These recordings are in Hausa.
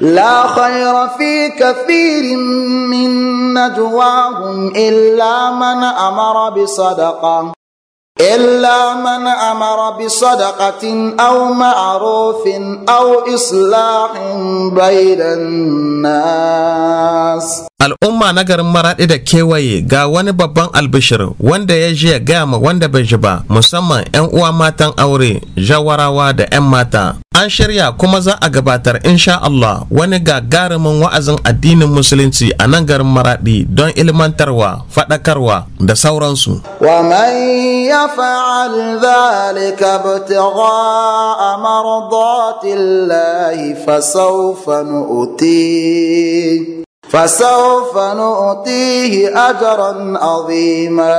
لا خير في كثير من نجواهم إلا من أمر بصدقة إلا من أمر بصدقة أو معروف أو إصلاح بين الناس al'umma na garin maraɗi da kewaye ga wani babban albishir wanda ya ji ya gama wanda bai ji ba musamman 'yan uwa matan aure jawarawa da 'yan mata an shirya kuma za a gabatar insha Allah wani gagarumin wa'azin addinin musulunci a nan garin maradi don ilmantarwa fadakarwa da sauransu wa man ya fa'al dhalika ibtigha'a mardatillahi fasawfa nu'ti فسوف نؤتيه أجرا عظيما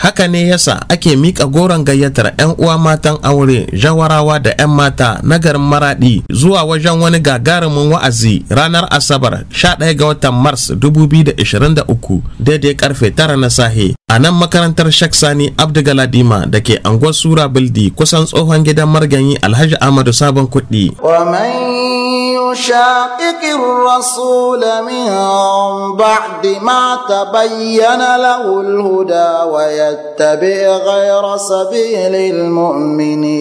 haka ne yasa ake mika goron gayyatar 'yan uwa matan aure jawarawa da 'yan mata na garin maradi zuwa wajen wani gagarumin wa'azi ranar asabar 11 ga watan mars 2023 daidai karfe 9 na sahe a nan makarantar shek sani abdugaladima da ke anguwar sura bildi kusan tsohon gidan marganyi alhaji amadu sabon kuɗi يشاقق الرسول من بعد ما تبين له الهدى ويتبع غير سبيل المؤمنين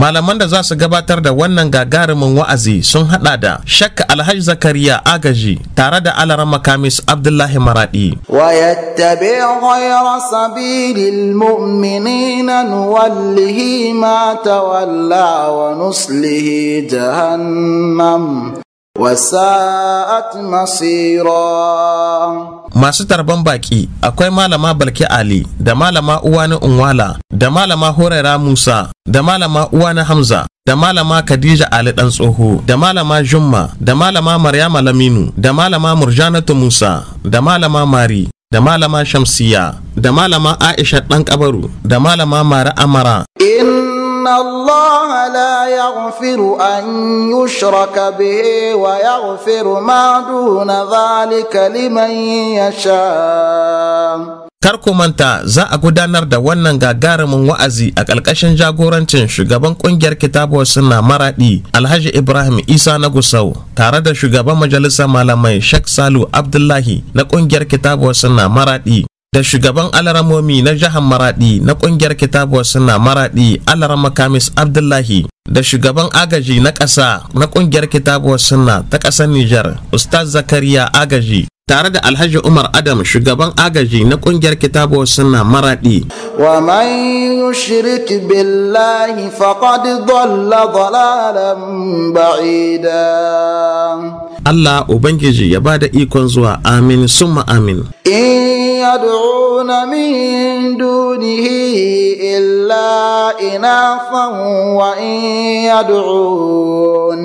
malaman da za su gabatar da wannan gagarumin wa'azi sun hada da shakka alhaji zakariya agaji tare da alaran makamis abdullahi maradi wa yattabi ghayra sabilil mu'minina nuwallihi ma tawalla wa nuslihi jahannam وساءت مصيرا masu tarban baki akwai malama balki ali da malama uwani unwala da malama horaira musa da malama uwani hamza da malama Khadija Ali dan tsoho da malama Jumma da malama Maryama Laminu da malama Murjanatu Musa da malama Mari da malama Shamsiya da malama Aisha dan kabaru da malama Mara Amara إن الله لا يغفر أن يشرك به ويغفر ما دون ذلك لمن يشاء Kar ku manta za a gudanar da wannan gagarumin wa'azi a ƙarƙashin jagorancin shugaban ƙungiyar kitabuwar suna maraɗi Alhaji Ibrahim Isa na Gusau tare da shugaban majalisar malamai Sheikh Salu Abdullahi na ƙungiyar kitabuwar suna maraɗi da shugaban alaramomi na jihar maradi na kungiyar kitabuwar suna maradi alarama kamis abdullahi da shugaban agaji na ƙasa na kungiyar kitabuwar suna ta ƙasar nijar ustaz zakariya agaji tare da alhaji umar adam shugaban agaji na kungiyar kitabuwar suna maradi wa man yushrik billahi faqad dhalla dhalalan ba'ida Allah Ubangiji ya ba da ikon zuwa amin summa amin. In yad'una min dunihi illa ina wa in yad'un